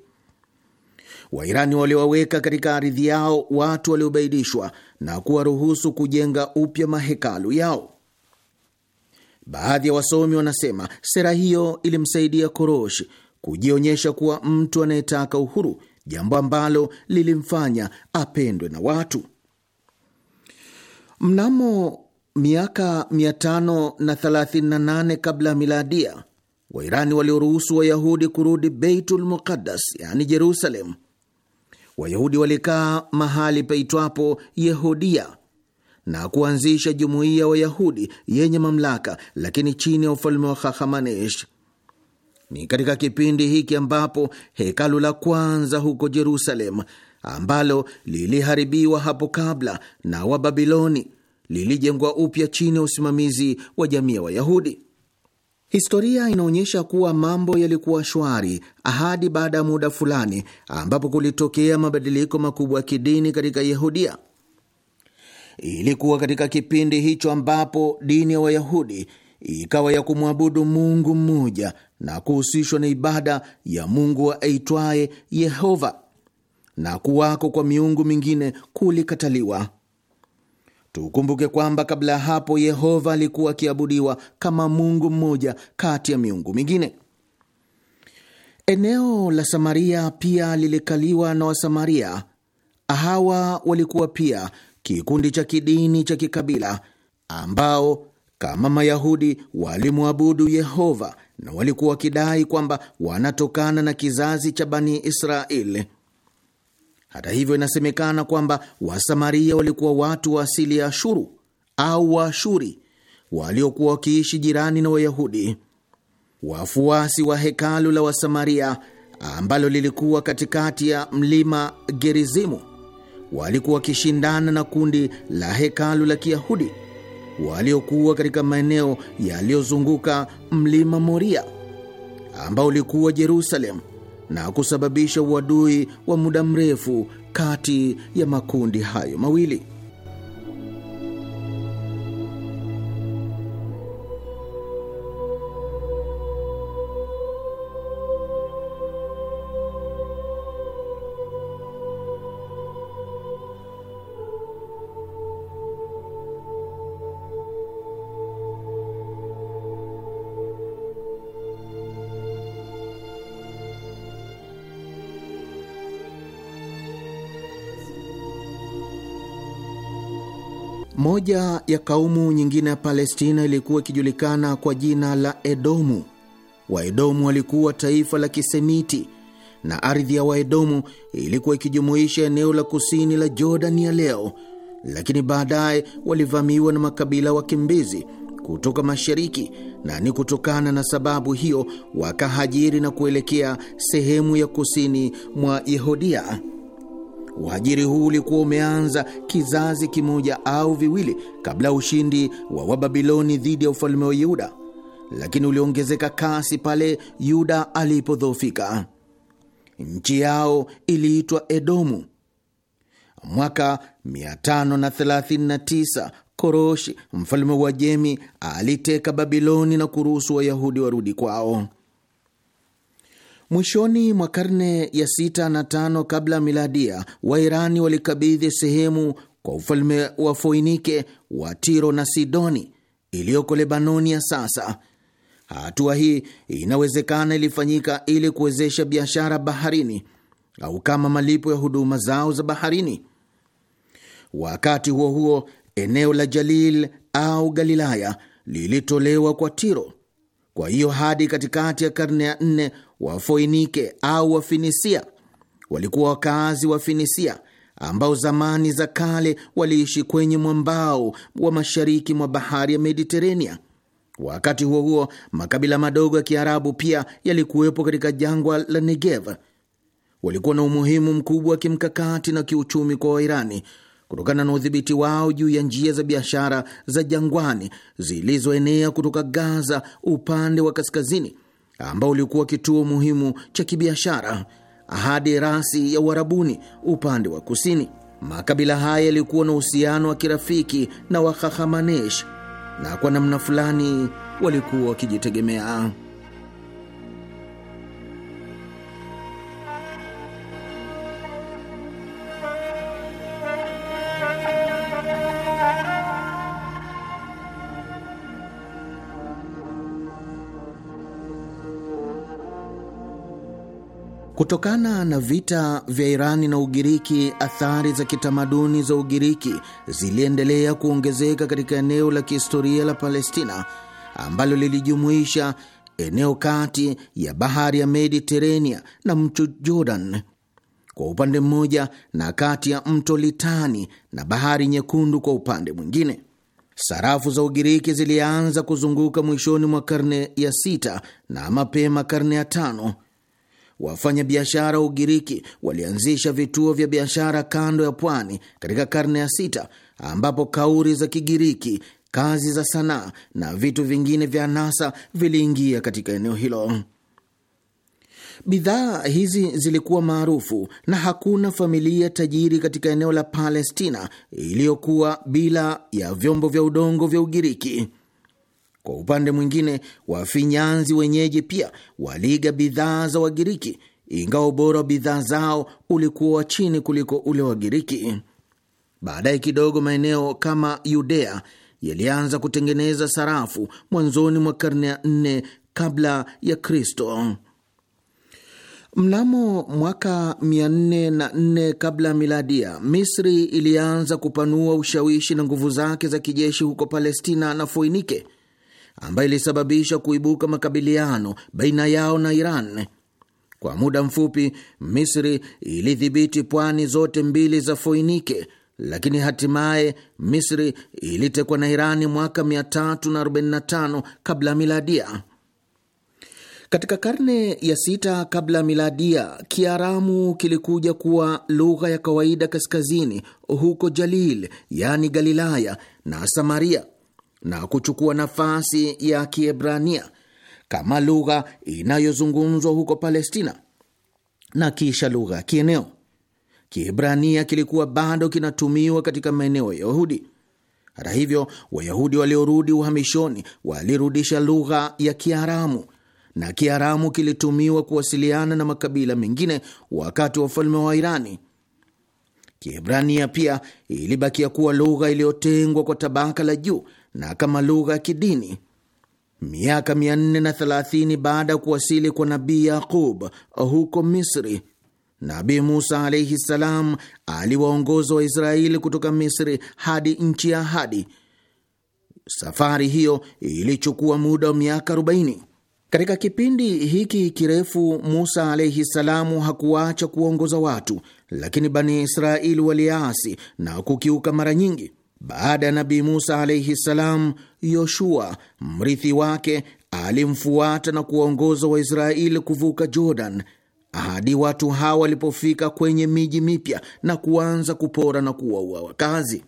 Wairani waliwaweka katika ardhi yao watu waliobaidishwa na kuwaruhusu kujenga upya mahekalu yao. Baadhi ya wasomi wanasema sera hiyo ilimsaidia Korosh kujionyesha kuwa mtu anayetaka uhuru, jambo ambalo lilimfanya apendwe na watu. Mnamo miaka 538 kabla ya miladia, Wairani walioruhusu Wayahudi kurudi Beitul Muqaddas, yani Jerusalem. Wayahudi walikaa mahali peitwapo Yehudia na kuanzisha jumuiya ya Wayahudi yenye mamlaka, lakini chini ya ufalme wa Hahamanesh. Ni katika kipindi hiki ambapo hekalu la kwanza huko Jerusalem ambalo liliharibiwa hapo kabla na Wababiloni lilijengwa upya chini ya usimamizi wa jamii ya Wayahudi. Historia inaonyesha kuwa mambo yalikuwa shwari hadi baada ya muda fulani, ambapo kulitokea mabadiliko makubwa ya kidini katika Yahudia. Ilikuwa katika kipindi hicho ambapo dini ya Wayahudi ikawa ya kumwabudu Mungu mmoja na kuhusishwa na ibada ya Mungu aitwaye Yehova, na kuwako kwa miungu mingine kulikataliwa. Tukumbuke kwamba kabla ya hapo Yehova alikuwa akiabudiwa kama Mungu mmoja kati ya miungu mingine. Eneo la Samaria pia lilikaliwa na Wasamaria. Hawa walikuwa pia kikundi cha kidini cha kikabila ambao kama Mayahudi walimwabudu Yehova na walikuwa wakidai kwamba wanatokana na kizazi cha Bani Israeli. Hata hivyo, inasemekana kwamba Wasamaria walikuwa watu wa asili ya Ashuru au Waashuri waliokuwa wakiishi jirani na Wayahudi, wafuasi wa hekalu la Wasamaria ambalo lilikuwa katikati ya mlima Gerizimu. Walikuwa wakishindana na kundi la hekalu la Kiyahudi waliokuwa katika maeneo yaliyozunguka mlima Moria ambao ulikuwa jerusalemu na kusababisha uadui wa muda mrefu kati ya makundi hayo mawili. Moja ya kaumu nyingine ya Palestina ilikuwa ikijulikana kwa jina la Edomu. Waedomu walikuwa taifa la Kisemiti, na ardhi ya Waedomu ilikuwa ikijumuisha eneo la kusini la Jordani ya leo, lakini baadaye walivamiwa na makabila wakimbizi kutoka mashariki, na ni kutokana na sababu hiyo wakahajiri na kuelekea sehemu ya kusini mwa Yehudia. Uhajiri huu ulikuwa umeanza kizazi kimoja au viwili kabla ushindi wa Wababiloni dhidi ya ufalme wa Yuda, lakini uliongezeka kasi pale Yuda alipodhoofika. Nchi yao iliitwa Edomu. Mwaka 539 Koroshi mfalme wa Jemi aliteka Babiloni na kuruhusu Wayahudi warudi kwao. Mwishoni mwa karne ya sita na tano kabla miladia, Wairani walikabidhi sehemu kwa ufalme wa Foinike wa Tiro na Sidoni iliyoko Lebanoni ya sasa. Hatua hii inawezekana ilifanyika ili kuwezesha biashara baharini au kama malipo ya huduma zao za baharini. Wakati huo huo, eneo la Jalil au Galilaya lilitolewa kwa Tiro. Kwa hiyo hadi katikati ya karne ya nne Wafoinike au Wafinisia walikuwa wakaazi wa Finisia ambao zamani za kale waliishi kwenye mwambao wa mashariki mwa bahari ya Mediterania. Wakati huo huo, makabila madogo ya Kiarabu pia yalikuwepo katika jangwa la Negev. Walikuwa na umuhimu mkubwa wa kimkakati na kiuchumi kwa Wairani kutokana na udhibiti wao juu ya njia za biashara za jangwani zilizoenea kutoka Gaza upande wa kaskazini ambao ulikuwa kituo muhimu cha kibiashara hadi rasi ya Uarabuni upande wa kusini. Makabila haya yalikuwa na uhusiano wa kirafiki na wahahamanesh na kwa namna fulani walikuwa wakijitegemea. Kutokana na vita vya Irani na Ugiriki, athari za kitamaduni za Ugiriki ziliendelea kuongezeka katika eneo la kihistoria la Palestina ambalo lilijumuisha eneo kati ya bahari ya Mediterania na mto Jordan kwa upande mmoja na kati ya mto Litani na bahari Nyekundu kwa upande mwingine. Sarafu za Ugiriki zilianza kuzunguka mwishoni mwa karne ya sita na mapema karne ya tano. Wafanyabiashara wa Ugiriki walianzisha vituo vya biashara kando ya pwani katika karne ya sita, ambapo kauri za Kigiriki, kazi za sanaa na vitu vingine vya nasa viliingia katika eneo hilo. Bidhaa hizi zilikuwa maarufu na hakuna familia tajiri katika eneo la Palestina iliyokuwa bila ya vyombo vya udongo vya Ugiriki. Kwa upande mwingine, wafinyanzi wenyeji pia waliiga bidhaa za Wagiriki, ingawa ubora wa bidhaa zao ulikuwa wa chini kuliko ule wa Giriki. Baadaye kidogo, maeneo kama Yudea yalianza kutengeneza sarafu mwanzoni mwa karne ya nne kabla ya Kristo. Mnamo mwaka 404 kabla ya miladia, Misri ilianza kupanua ushawishi na nguvu zake za kijeshi huko Palestina na Foinike ambayo ilisababisha kuibuka makabiliano baina yao na Iran. Kwa muda mfupi, Misri ilidhibiti pwani zote mbili za Foinike, lakini hatimaye Misri ilitekwa na Irani mwaka 345 kabla miladia. Katika karne ya sita kabla miladia, Kiaramu kilikuja kuwa lugha ya kawaida kaskazini huko Jalil, yaani Galilaya na Samaria na kuchukua nafasi ya Kiebrania kama lugha inayozungumzwa huko Palestina na kisha lugha ya kieneo. Kiebrania kilikuwa bado kinatumiwa katika maeneo ya Yahudi. Hata hivyo, Wayahudi waliorudi uhamishoni walirudisha lugha ya Kiaramu na Kiaramu kilitumiwa kuwasiliana na makabila mengine wakati wa ufalme wa Irani. Kiebrania pia ilibakia kuwa lugha iliyotengwa kwa tabaka la juu na kama lugha ya kidini. Miaka 430 baada ya kuwasili kwa Nabii Yaqub huko Misri, Nabii Musa alaihi salam aliwaongoza Waisraeli kutoka Misri hadi nchi ya ahadi. Safari hiyo ilichukua muda wa miaka 40. Katika kipindi hiki kirefu Musa alaihi salamu hakuwacha kuongoza watu, lakini Bani Israeli waliasi na kukiuka mara nyingi. Baada ya Nabii Musa alaihi salam, Yoshua mrithi wake alimfuata na kuwaongoza Waisraeli kuvuka Jordan hadi watu hawa walipofika kwenye miji mipya na kuanza kupora na kuwaua wakazi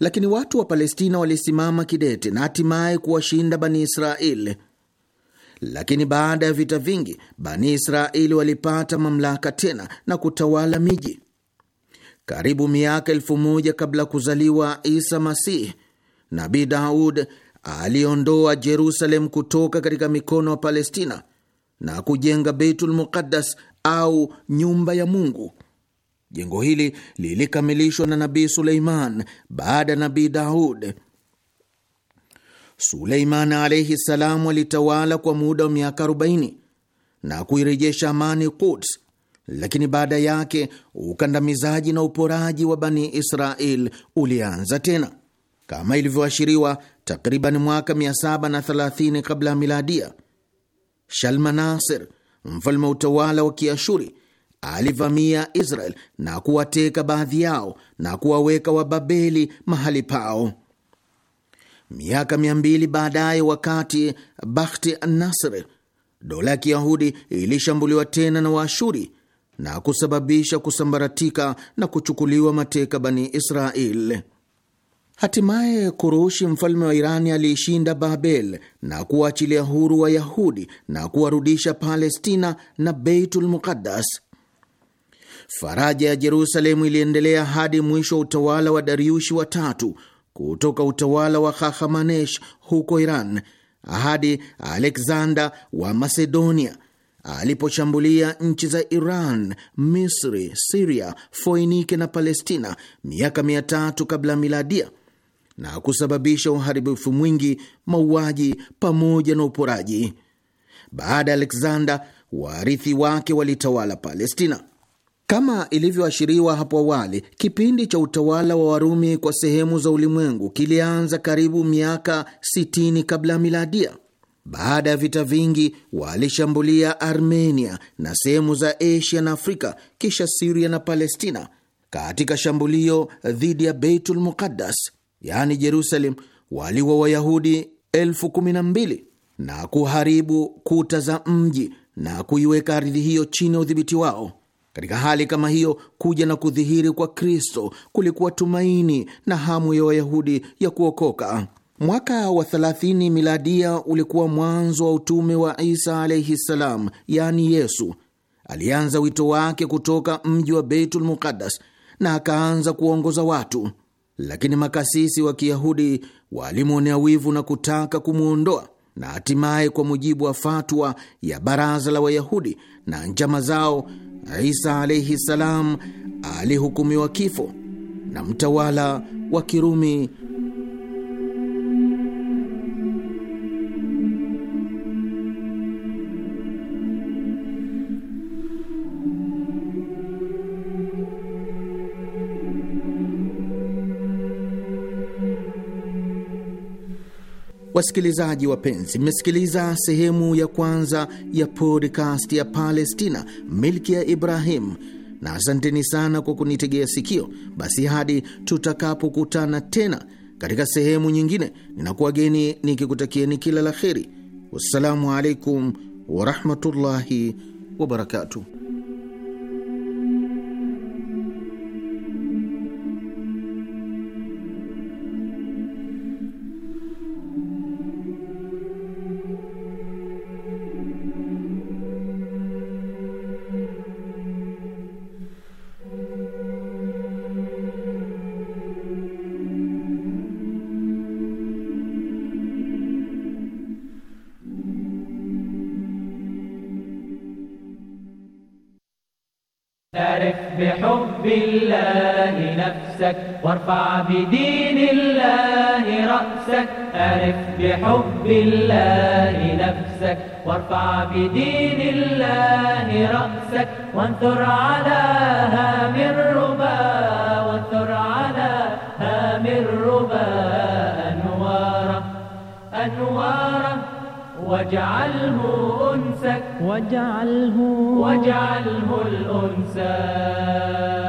lakini watu wa Palestina walisimama kidete na hatimaye kuwashinda Bani Israeli lakini baada ya vita vingi, Bani Israeli walipata mamlaka tena na kutawala miji. Karibu miaka elfu moja kabla kuzaliwa Isa Masih, Nabi Daud aliondoa Jerusalem kutoka katika mikono ya Palestina na kujenga Beitul Muqaddas au nyumba ya Mungu. Jengo hili lilikamilishwa na Nabii Suleiman baada ya Nabii Daud. Suleiman alaihi salam alitawala kwa muda wa miaka 40 na kuirejesha amani Quds, lakini baada yake ukandamizaji na uporaji wa Bani Israel ulianza tena kama ilivyoashiriwa takriban mwaka 730 kabla ya miladia. Shalmaneser, mfalme wa utawala wa Kiashuri, alivamia Israel na kuwateka baadhi yao na kuwaweka Wababeli mahali pao. Miaka mia mbili baadaye, wakati Bakhti Nasr, dola ya Kiyahudi ilishambuliwa tena na Waashuri na kusababisha kusambaratika na kuchukuliwa mateka Bani Israel. Hatimaye Kurushi, mfalme wa Irani, aliishinda Babel na kuwaachilia huru Wayahudi na kuwarudisha Palestina na Beitul Muqaddas. Faraja ya jerusalemu iliendelea hadi mwisho wa utawala wa Dariushi watatu kutoka utawala wa Hahamanesh huko Iran hadi Alexander wa Macedonia aliposhambulia nchi za Iran, Misri, Siria, Foinike na Palestina miaka mia tatu kabla miladia na kusababisha uharibifu mwingi, mauaji pamoja na uporaji. Baada ya Alexander, warithi wake walitawala Palestina. Kama ilivyoashiriwa hapo awali, kipindi cha utawala wa Warumi kwa sehemu za ulimwengu kilianza karibu miaka 60 kabla ya miladia. Baada ya vita vingi, walishambulia Armenia na sehemu za Asia na Afrika, kisha Siria na Palestina. Katika shambulio dhidi ya Beitul Muqaddas, yaani Jerusalem, waliwa Wayahudi elfu kumi na mbili na kuharibu kuta za mji na kuiweka ardhi hiyo chini ya udhibiti wao. Katika hali kama hiyo, kuja na kudhihiri kwa Kristo kulikuwa tumaini na hamu ya Wayahudi ya kuokoka. Mwaka wa 30 miladia ulikuwa mwanzo wa utume wa Isa alaihi ssalam, yaani Yesu. Alianza wito wake kutoka mji wa Beitul Muqaddas na akaanza kuongoza watu, lakini makasisi wa Kiyahudi walimwonea wivu na kutaka kumwondoa na hatimaye, kwa mujibu wa fatwa ya baraza la Wayahudi na njama zao Isa alaihi salam alihukumiwa kifo na mtawala wa Kirumi Wasikilizaji wapenzi, mmesikiliza sehemu ya kwanza ya podcast ya Palestina, milki ya Ibrahim, na asanteni sana kwa kunitegea sikio. Basi hadi tutakapokutana tena katika sehemu nyingine, ninakuwageni nikikutakieni kila la kheri. Wassalamu alaikum warahmatullahi wabarakatuh. الله نفسك وارفع بدين الله رأسك أرف بحب الله نفسك وارفع بدين الله رأسك وانثر على هام الربا وانثر على هام الربا أنوارا أنوارا واجعله أنسك واجعله واجعله الأنسك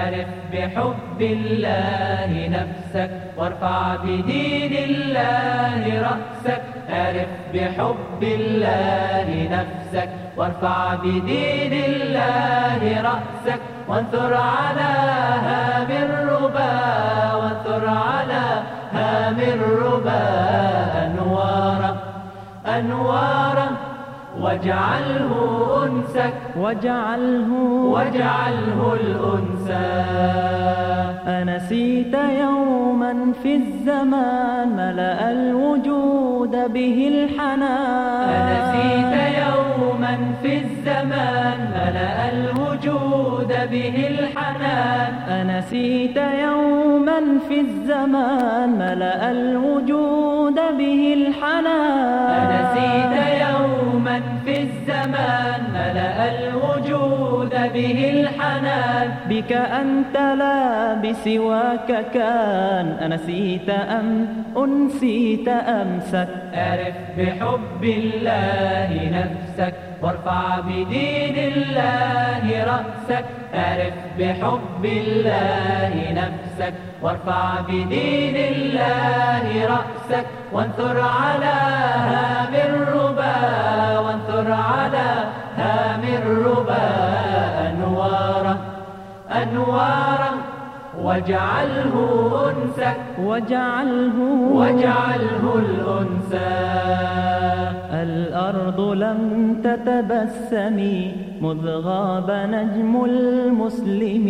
فارق بحب الله نفسك وارفع بدين الله رأسك أرف بحب الله نفسك وارفع بدين الله رأسك وانثر على هام الربا وانثر على هام الربا أنوارا أنوارا واجعله أنسك واجعله واجعله الأنسى أنسيت يوما في الزمان ملأ الوجود به الحنان أنسيت يوما في الزمان ملأ الوجود به الحنان أنسيت يوما في الزمان ملأ الوجود به الحنان أنسيت الأمان ملأ الوجود به الحنان بك أنت لا بسواك كان أنسيت أم أنسيت أمسك أعرف بحب الله نفسك وارفع بدين الله رأسك أرف بحب الله نفسك وارفع بدين الله رأسك وانثر على هام الربا وانثر على هام الربا أنوارا أنوارا واجعله أنسا واجعله واجعله الأنسا الأرض لم تتبسمي مذ غاب نجم المسلم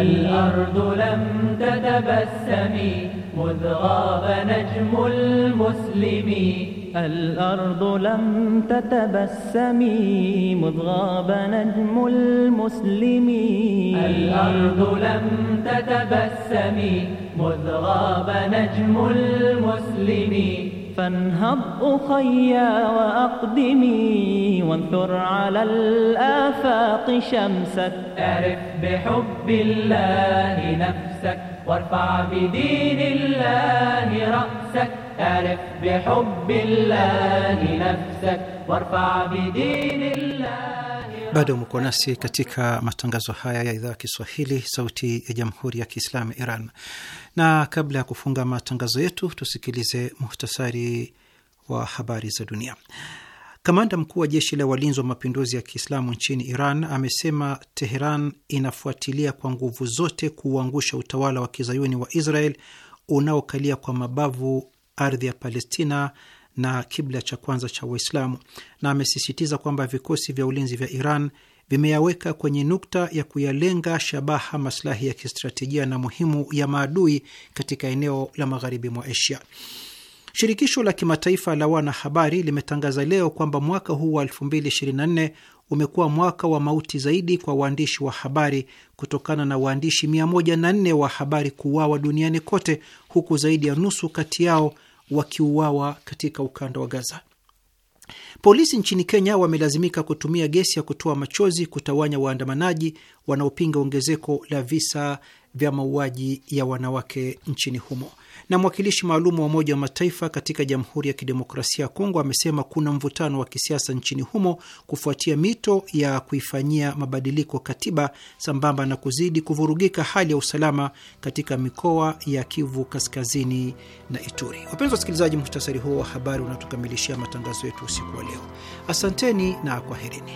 الأرض لم تتبسمي مذ غاب نجم المسلمين الأرض لم تتبسمي مذ غاب نجم المسلمين الأرض لم تتبسمي مذ غاب نجم المسلمين فانهض أخيا وأقدمي وانثر على الآفاق شمسك أعرف بحب الله نفسك وارفع بدين الله رأسك فاعترف بحب الله الله bado mko nasi katika matangazo haya ya idhaa ya Kiswahili, sauti ya jamhuri ya kiislamu Iran. Na kabla ya kufunga matangazo yetu, tusikilize muhtasari wa habari za dunia. Kamanda mkuu wa jeshi la walinzi wa mapinduzi ya Kiislamu nchini Iran amesema Teheran inafuatilia kwa nguvu zote kuuangusha utawala wa kizayuni wa Israel unaokalia kwa mabavu ardhi ya Palestina na kibla cha kwanza cha Waislamu, na amesisitiza kwamba vikosi vya ulinzi vya Iran vimeyaweka kwenye nukta ya kuyalenga shabaha maslahi ya kistratejia na muhimu ya maadui katika eneo la magharibi mwa Asia. Shirikisho la kimataifa la wanahabari limetangaza leo kwamba mwaka huu wa 2024 umekuwa mwaka wa mauti zaidi kwa waandishi wa habari kutokana na waandishi 104 wa habari kuuawa duniani kote, huku zaidi ya nusu kati yao wakiuawa katika ukanda wa Gaza. Polisi nchini Kenya wamelazimika kutumia gesi ya kutoa machozi kutawanya waandamanaji wanaopinga ongezeko la visa vya mauaji ya wanawake nchini humo. Na mwakilishi maalum wa Umoja wa Mataifa katika Jamhuri ya Kidemokrasia ya Kongo amesema kuna mvutano wa kisiasa nchini humo kufuatia mito ya kuifanyia mabadiliko katiba sambamba na kuzidi kuvurugika hali ya usalama katika mikoa ya Kivu Kaskazini na Ituri. Wapenzi wasikilizaji, muhtasari huo wa habari unatukamilishia matangazo yetu usiku wa leo. Asanteni na kwaherini.